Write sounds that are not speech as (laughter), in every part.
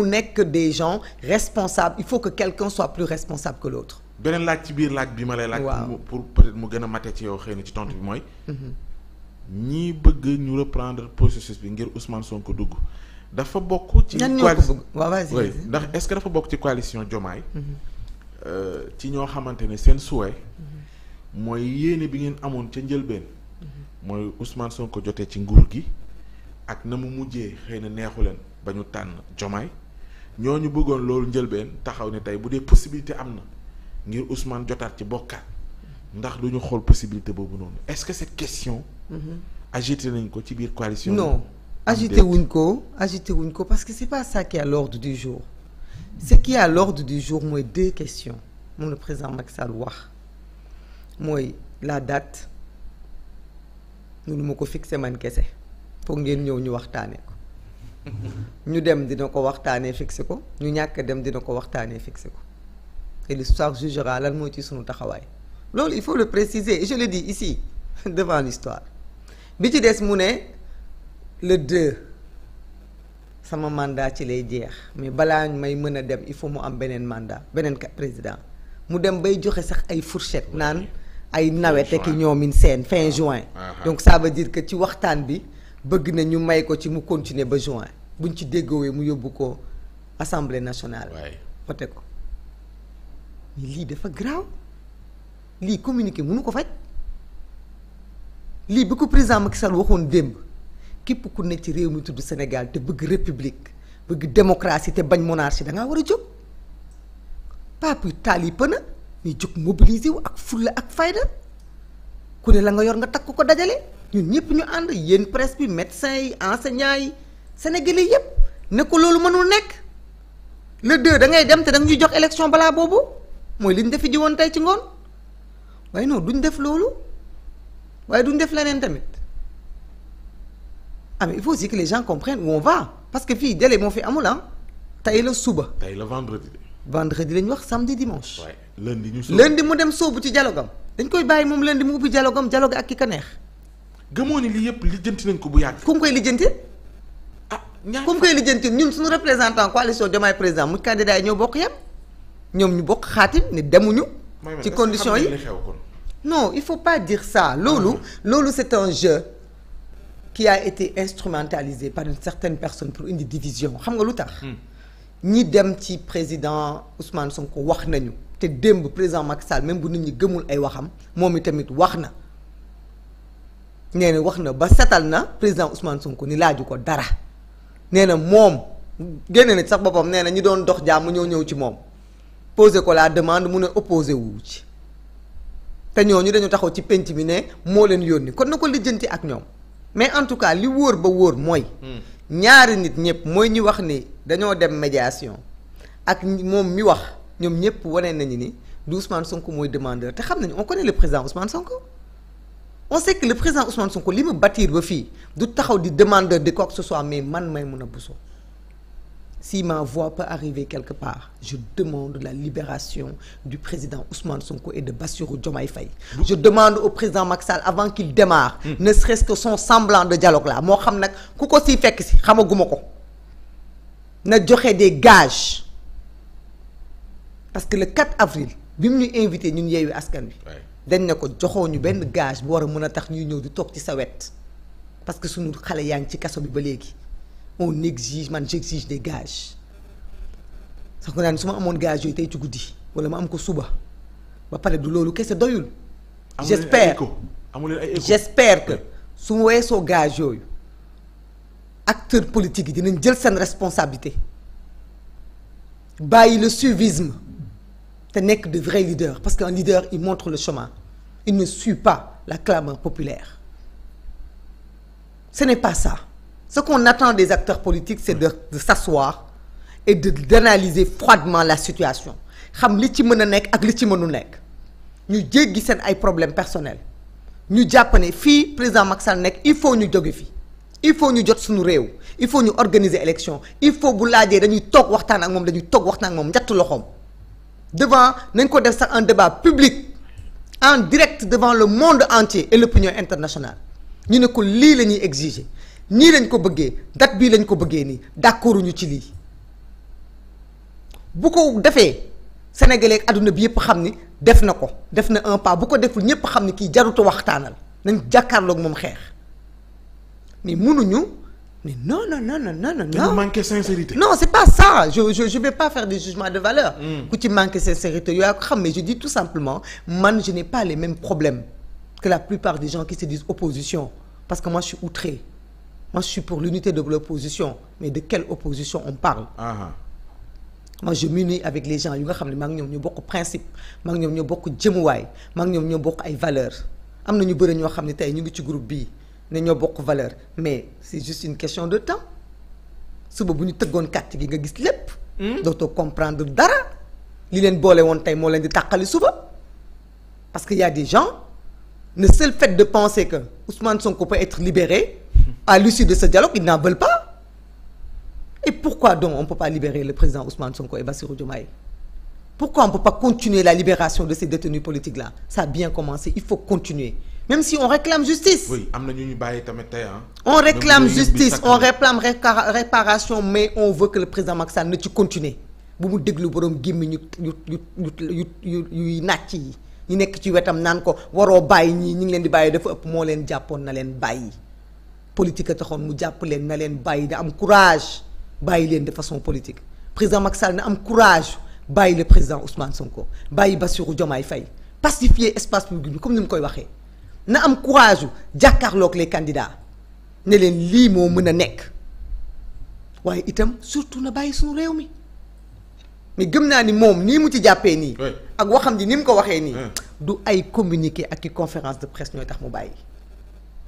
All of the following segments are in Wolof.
mu nekk des gens responsables il faut que quelqu'un soit plus responsable que l'autre beneen laaj ci biir laaj bi ma lay laaj pour peut-être mu gën a mate ci yow xëy na ci tontu bi mooy mm-hmm. ñi bëgg ñu reprendre processus bi ngir Ousmane ko dugg dafa bokk ci coalition ndax est-ce que dafa bokk ci coalition Diomaye mm-hmm. euh, ci ñoo xamante ne seen souhait mm-hmm. mooy yéene bi ngeen amoon ca njëlbeen mooy Ousmane ko jotee ci nguur gi ak na mu mujjee xëy na neexu leen ba ñu tànn Diomaye ñoo ñu bëggoon loolu njëlbeen taxaw ne tey bu dee possibilité am na ngir Ousmane jotaat ci bokkaat ndax lu ñu xool possibilité boobu noonu est-ce que cette question. Mm-hmm. agité nañ ko ci biir coalition. non agité wuñ ko agité wuñ ko parce que c'est pas ça qui est à l'ordre du jour. ce qui est à l'ordre du jour mooy deux questions moom le président Macky Sall wax mooy la date mënu ma ko fixer man kese foog ngeen ñëw ñu waxtaanee ko. ñu dem dina ko waxtaanee fixé ko ñu ñàkk dem dina ko waxtaanee fixé ko et l'histoire jugera lan mooy ci suñu taxawaay loolu il faut le préciser et je le dis ici (laughs) devant l'histoire bi ci des mu ne le 2 sama mandat ci lay jeex mais balaa may mën a dem il faut mu am beneen mandat beneen président mu dem bay joxe sax ay fourchette naan ay nawete ki ñoomin seen fin ah. juin ah. donc ça veut dire que ci waxtaan bi bëgg na ñu may ko ci mu continuer ba juin buñ ci déggoowee mu yóbbu ko assemblée nationale. waay voté ko mais lii dafa graaw lii communiqué mënu ko faj lii bi ko président Macky Sall waxoon démb képp ku ne ci réew mi tudd Sénégal te bëgg république bëgg démocratie te bañ monarchie da ngaa war a jóg pape taal yi pëna mais jóg mobiliser wu ak fulla ak fayda ku ne la nga yor nga takk ko dajale ñun ñëpp ñu ànd yéen presse bi médecins yi yi. sénégalais yépp ne ko loolu mënul nekk le deux da ngay dem te da ñuy jox élection balaa boobu mooy li def defi ji woon tey ci ngoon waaye noonu duñ def loolu waaye duñ def leneen tamit ah mais il faut aussi que les gens comprennent où on parce que fii délai moo fi amul ah tey la suba. tey la vendredi. vendredi lañ wax samedi dimanche. waay lundi ñu sóobu lundi mu dem sóobu ci dialogam dañ koy bàyyi moom lundi mu ubbi dialogam dialogue ak ki ka neex. gëmoo ni lii yëpp lijjanti nañ ko bu yàgg. ku koy lijjanti. comme koy lijjanti ñun suñu représentant coalition Diomaye président mu candidat yi ñoo bokk yem ñoom ñu bokk xaatim ne demuñu. ci condition yi non il faut pas dire ça loolu. Ah loolu c'est un jeu. qui a été instrumentalisé par une certaine personne pour indi division xam nga lu tax. Hmm. ñi dem ci président Ousmane Sonko wax nañu. te démb président Macky Sall même bu nit ñi gëmul ay waxam moom tamit wax na. nee na wax na ba setal na président Ousmane Sonko ni laaju ko dara. nee na moom génne na sax boppam nee na ñu doon dox jàmm ñoo ñëw ci moom posé ko la demande mu ne opposé wu ci te ñu dañu taxaw ci penc bi ne moo leen yónni kon na ko lijjanti ak ñoom mais en tout cas li wóor ba wóor mooy. Hmm. ñaari nit ñëpp mooy ñi wax ni dañoo dem médiation ak moom mi wax ñoom ñëpp wane nañu ni du Ousmane Sonko mooy demandeur te xam nañu on connaît le président Ousmane Sonko. on sait que le président Ousmane Sonko li mu bâtir ba fii du taxaw di demandeur de quoi que ce soit mais man a Bousso si ma voix peut arriver quelque part je demande la libération du président Ousmane Sonko et de Bassirou Diomaye Faye je demande au président Macky Sall avant qu'il démarre hmm. ne serait-ce que son semblant de dialogue là moo xam nag ku ko si fekk si xamaguma ko na joxe des gages parce que le 4 avril bi mu ñu invité ñun yeewu askan wi dañ ne ko joxoo ñu benn gage bu war a mën a tax ñuy ñëw di toog ci sa wet parce que suñu xale yaa ngi ci kaso bi ba léegi on exige man j'exige des gages sax ko naan su ma amoon gage yooyu tey ci guddi wala ma am ko suba ba pare du loolu kese doyul j'espère j'espère que su ma weesoo gage yooyu acteurs politiques yi dinañ jël seen responsabilité bàyyi le suivisme te nekk de vrais leaders parce qu'un leader il montre le chemin il ne suit pas la clameur populaire ce n'est pas ça ce qu'on attend des acteurs politiques c'est de de s'asseoir et de d'analyser froidement la situation xam li ci mën a nekk ak li ci mënul nekk ñu jéggi seen ay problèmes personnels ñu jàpp ne fii président Macky Sall nekk il faut ñu jóge fi il faut ñu jot suñu réew il faut ñu organiser élection il faut bu laajee dañuy toog waxtaan ak moom dañuy toog waxtaan ak moom njattu loxoom devant nañ ko def sax en direct devant le monde entier et l'opinion internationale ñu ne ko lii lañuy ñuy ñii lañ ko bëggee date bii lañ ko bëggee nii d'accord ñu ci lii bu ko defee sénégalais àdduna bi yëpp xam ni def na ko def na un pas bu ko deful ñëpp xam ni kii jarutu waxtaanal nañ jàkkaarloog moom xeex mais munuñu. mais non non non non non non. dañu manqué sincérité. non c'est pas ça je je je vais pas faire des jugements de valeur. ku hmm. ci manqué sincérité yaa ko xam mais je dis tout simplement man je n'ai pas les mêmes problèmes que la plupart des gens qui se disent opposition parce que moi je suis outré moi je suis pour l'unité de l'opposition mais de quelle opposition on parle. Uh-huh. moi je m'unis avec les gens yu nga xam ne maa ngi ñoom ñoo bokk principe maa ngi ñoom ñoo bokk jëmuwaay maa ngi ñoom ñoo bokk ay valeurs am na bëri ñoo xam ne tey ñu ngi ci groupe bii. ne ñoo bokk valeur mais c'est juste une question de temps suba bu ñu tëggoon kàcc gi nga gis lépp. Hmm? dootoo comprendre dara li leen boole woon tey moo leen di tàqali suba parce que y a des gens le seul fait de penser que Ousmane Sonko peut être libéré hmm. à l'issue de sa dialogue ils n'en veulent pas et pourquoi donc on ne peut pas libérer le président Ousmane Sonko et Bassirou Diomaye pourquoi on peut pas continuer la libération de ces détenus politiques là a bien commencé il faut continuer. même si on réclame justice. am na ñu ñu bàyyi tamit on réclame justice on réclame réparation mais on veut que président Macky Sall na ci continuer bu mu déglu borom gémmi ñu yu yu yu yu yuy nàcc yi ñu nekk ci wetam naan ko waroo bàyyi ñii ñu ngi leen di bàyyi dafa ëpp moo leen jàppoon na leen bàyyi. politique a taxoon mu jàpp leen na leen bàyyi na am courage bàyyi leen de façon politique président Macky Sall na am courage bàyyi le président Ousmane Sonko bàyyi Bassirou Diomaye Faye pacifier espace public bi comme ni mu koy waxee. na am courage u jàkkaarloog les candidats ne leen lii moo mën a nekk waaye itam surtout na bàyyi suñu réew mi mais gëm naa ni moom nii mu ci jàppee nii ak waxam ji ni mu ko waxee nii du ay communiqué ak i conférence de presse ñooy tax mu bàyyi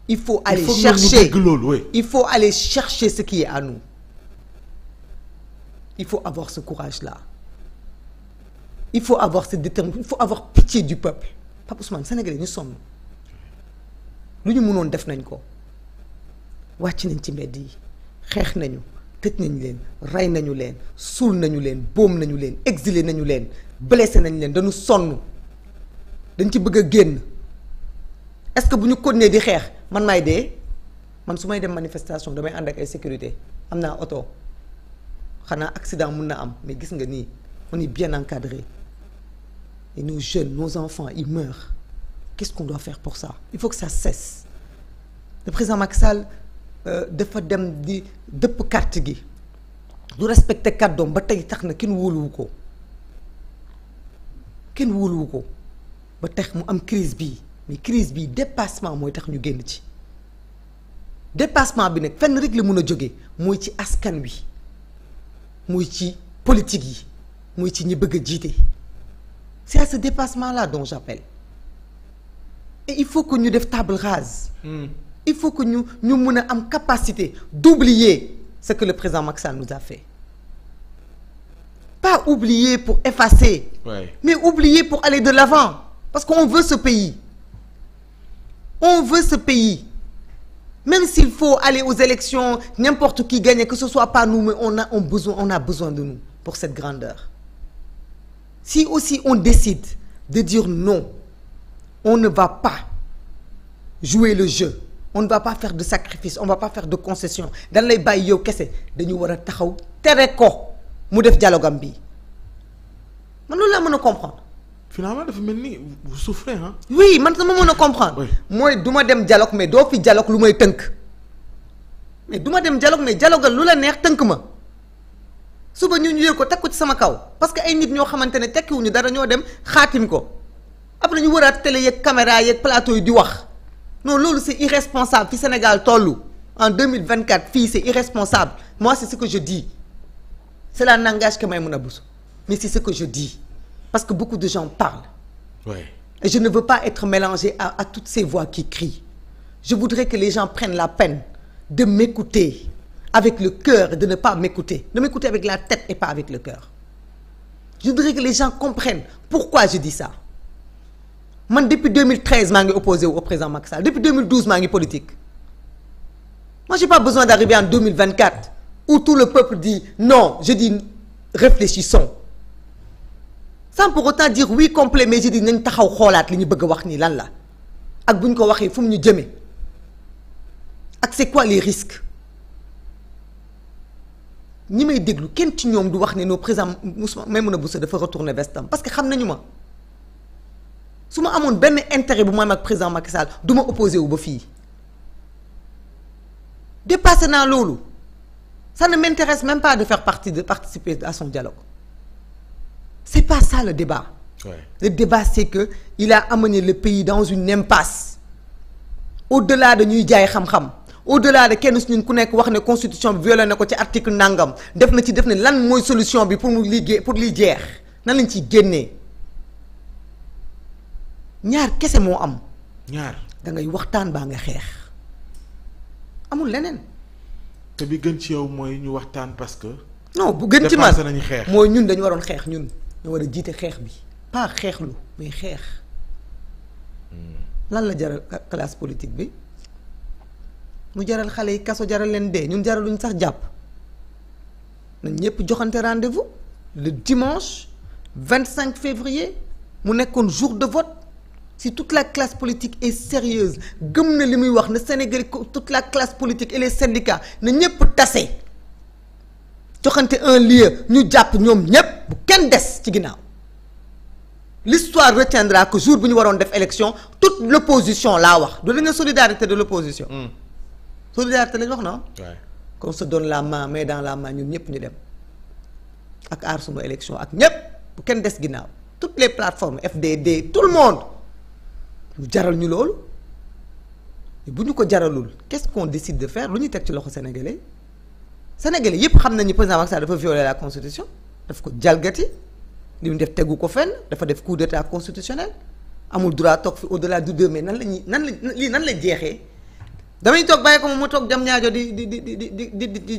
il faut aller chercher il faut aller chercher ce qui est à il faut avoir ce courage la il faut avoir cette détermination il faut avoir pitié du peuple Pape Ousmane Sénégalais ñu sonn lu ñu mënoon def nañ ko wàcc nañ ci mbedd yi xeex nañu tëj nañu leen rey nañu leen suul nañu leen boom nañu leen exilé nañu leen blessé nañu leen dañu sonn dañ ci bëgg a génn est-ce que bu ñu continuer di xeex man maay dee man su may dem manifestation damay ànd ak ay sécurité am naa oto xanaa accident mun na am mais gis nga nii on est bien encadré et nos jeunes nos enfants ils meurent qu'est-ce qu'on doit pour ça il faut que ça cesse le président Macky Sall euh, dafa dem di dëpp kart gi du respecté kàddoom ba tey tax na kenn wóoluwu ko kenn wóoluwu ko ba tax mu am crise bii mais crise bii dépassement mooy tax ñu génn ci dépassement bi nag fenn rek la mun a jóge mooy ci askan wi mooy ci politique yi mooy ci ñi bëgg a jiite c'est à ce dépassement là dont j'appelle il faut que ñu def table rase. Hmm. il faut que ñu ñu mën a am capacité d'oublier ce que le président Macky Sall nous a fait pas oublier pour effacer. mais oublier pour aller de l'avant parce qu'on veut ce pays on veut ce pays même s'il faut aller aux élections n'importe qui gagne que ce soit pas nous mais on a on besoin on a besoin de nous pour cette grandeur si aussi on décide de dire non on ne va pas jouer le jeu on ne va pas faire de sacrifice on va pas faire de concession dañ lay bàyyi yow kese dañu war a taxaw tere ko mu def dialogue bi bii man loolu laa mën a comprendre. finalement dafa mel ni vous souffrez hein. man sama mën a comprendre. mooy duma dem dialogue mais doo fi dialogue lu may tënk mais du ma dem dialogue mais dialogue lu la neex tënk ma. suba ñu ñu yëg ko teg ko ci sama kaw parce que ay nit ñoo xamante ne tekkiwuñu dara ñoo dem xaatim ko après ñu wëraat télé yeeg caméra yeeg plateau yi di wax non loolu c'est irresponsable fi Sénégal tollu en 2024 fii c'est irresponsable moi c'est ce que je dis cela n'engage que Maïmouna Bousso mais c'est ce que je dis parce que beaucoup de gens parlent ouais. et je ne veux pas être mélangé à, à toutes ces voix qui crient je voudrais que les gens prennent la peine de m'écouter avec le cœur et de ne pas m'écouter de m'écouter avec la tête et pas avec le cœur je voudrais que les gens comprennent pourquoi ça man depuis 2013 maa ngi opposé wu au président Macky Sall depuis 2012 maa ngi politique moi j'ai pas besoin d'arriver en 2024 où tout le peuple dit non je dis réfléchissons sans pour autant dire oui complet mais je dis nañ taxaw xoolaat li ñu bëgg a wax nii lan la ak bu ñu ko waxee fu mu ñu jëmee ak c'est quoi les risques ñi may déglu kenn ci ñoom du wax ne non président Ousmane Maïmouna Bousso dafa retourner vestam parce que xam nañu ma. su ma amoon benn intérêt bu ma am présent président Macky Sall du ma opposé wu ba fii dépassé naa loolu ça ne m'intéresse même pas de faire partie de participer à son dialogue c'est pas ça le débat. Ouais. le débat c'est que il a amené le pays dans une impasse au-delà ñuy jaay xam-xam. au-delà de kenn su ñun ku nekk wax ne constitution bi violé na ko ci article nangam def na ci def ne lan mooy solution bi pour mu liggéey pour liy jeex na lañ ciy génnee ñaar kese moo am. ñaar da waxtaan baa nga xeex amul leneen. te bi gën ci yow mooy ñu waxtaan parce que. non bu gën ci man xeex mooy ñun dañu waroon xeex ñun. ñu war a jiite xeex bi pas xeexlu muy xeex. Hmm. lan la jaral classe politique bi mu jaral xale yi kaso jaral leen dee ñun jaraluñ sax jàpp nañ ñëpp joxante rendez-vous le dimanche vingt cinq février mu nekkoon jour de vote. si toute la classe politique et sérieuse gëm na li muy wax na Sénégal toute la classe politique et les syndicats na ñëpp tase joxante un lieu ñu jàpp ñoom ñëpp bu kenn des ci ginnaaw l'histoire retiendra que jour bu ñu waroon def élection toute l'opposition laa wax du dañu solidarité de l'opposition hmm. solidarité lañ wax na qu'on se donne la main mais dans la main ñun ñëpp ñu dem ak aar sunu élection ak ñëpp bu kenn des ginnaaw toutes les plateformes FDD tout le monde jaral ñu loolu bu ñu ko jaralul qu'est-ce qu'on décide de fair lu ñuy teg ci loxo sénégalais sénégalais yépp xam nañu président Macky Sall dafa violer la constitution daf ko jalgati li mu def tegu ko fenn dafa def coup d'état constitutionnel amul droit toog fi au-delà du deux nan la ñuy nan la lii nan la jeexee damay toog bàyyi ko moom ma toog jam ñaajo di di di di di di di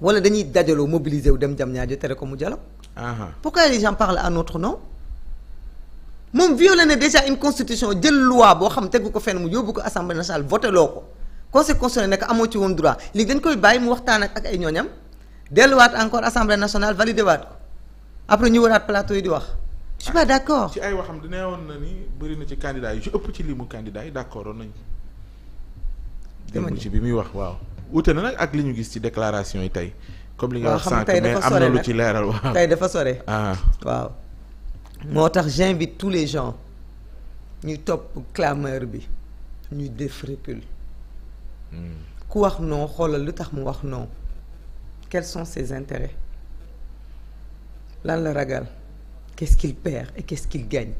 wala dañuy dajaloo mobiliser wu dem jam ñaajo tere ko mu dialogue. pourquoi les gens parlent à notre nom. moom violé na déjà une constitution jël loi boo xam tegu ko fen mu yóbbu ko assemblée nationale voté loo ko conseil constitutionnel nekk amoo ci woon droit léegi dañ koy bàyyi mu waxtaan ak ay ñooñam delluwaat encore assemblée nationale validé waat ko après ñu waraat plateau yi di wax. je suis d' accord ci ay waxam ne woon na ni bëri na ci candidat yi ci ëpp ci limu candidat yi d' accord woon nañu. démb bi muy wax waaw. wute na nag ak li ñu gis ci déclaration yi tey. comme li nga wax sànq mais am na lu ci leeral waaw tey dafa sore. ah waaw. moo tax bi tous les gens ñu topp clameur bi ñu def recul hmm. ku wax noo xoolal lu tax mu wax noo quels sont ses intérêts lan la ragal qu'est-ce qu'il perd et qu'est-ce qu'il gagne